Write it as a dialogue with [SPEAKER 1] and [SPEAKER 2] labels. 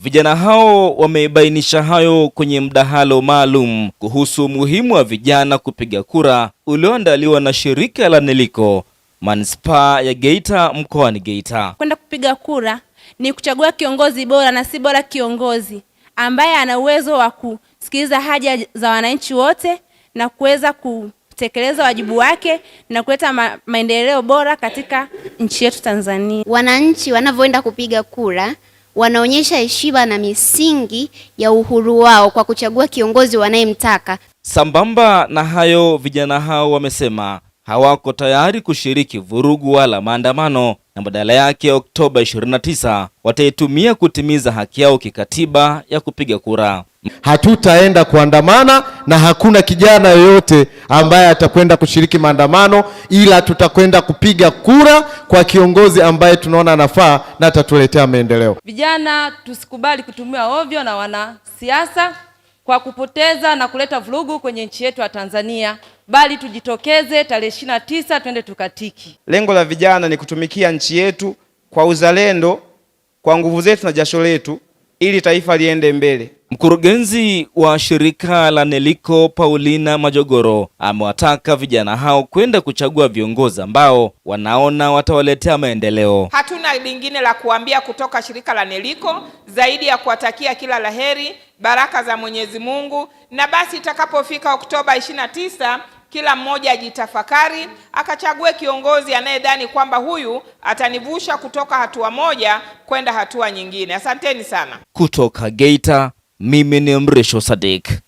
[SPEAKER 1] Vijana hao wamebainisha hayo kwenye mdahalo maalum kuhusu umuhimu wa vijana kupiga kura ulioandaliwa na shirika la NELICO manispaa ya Geita mkoani Geita.
[SPEAKER 2] Kwenda kupiga kura ni kuchagua kiongozi bora na si bora kiongozi ambaye ana uwezo wa kusikiliza haja za wananchi wote na kuweza kutekeleza wajibu wake na kuleta ma maendeleo bora katika nchi yetu Tanzania.
[SPEAKER 3] Wananchi wanavyoenda kupiga kura wanaonyesha heshima na misingi ya uhuru wao kwa kuchagua kiongozi wanayemtaka.
[SPEAKER 1] Sambamba na hayo, vijana hao wamesema hawako tayari kushiriki vurugu wala maandamano na badala yake Oktoba 29 wataitumia kutimiza haki yao kikatiba ya kupiga kura.
[SPEAKER 4] Hatutaenda kuandamana na hakuna kijana yoyote ambaye atakwenda kushiriki maandamano, ila tutakwenda kupiga kura kwa kiongozi ambaye tunaona anafaa na atatuletea maendeleo.
[SPEAKER 5] Vijana tusikubali kutumiwa ovyo na wanasiasa kwa kupoteza na kuleta vurugu kwenye nchi yetu ya Tanzania, bali tujitokeze tarehe ishirini na tisa twende tukatiki.
[SPEAKER 6] Lengo la vijana ni kutumikia nchi yetu kwa uzalendo, kwa nguvu zetu na jasho letu, ili taifa liende mbele.
[SPEAKER 1] Mkurugenzi wa shirika la NELICO Paulina Majogoro amewataka vijana hao kwenda kuchagua viongozi ambao wanaona watawaletea maendeleo.
[SPEAKER 7] Hatuna lingine la kuambia kutoka shirika la NELICO zaidi ya kuwatakia kila laheri, baraka za Mwenyezi Mungu, na basi itakapofika Oktoba 29 kila mmoja ajitafakari akachague kiongozi anayedhani kwamba huyu atanivusha kutoka hatua moja kwenda hatua nyingine. Asanteni sana.
[SPEAKER 1] Kutoka Geita mimi ni Mrisho Sadik.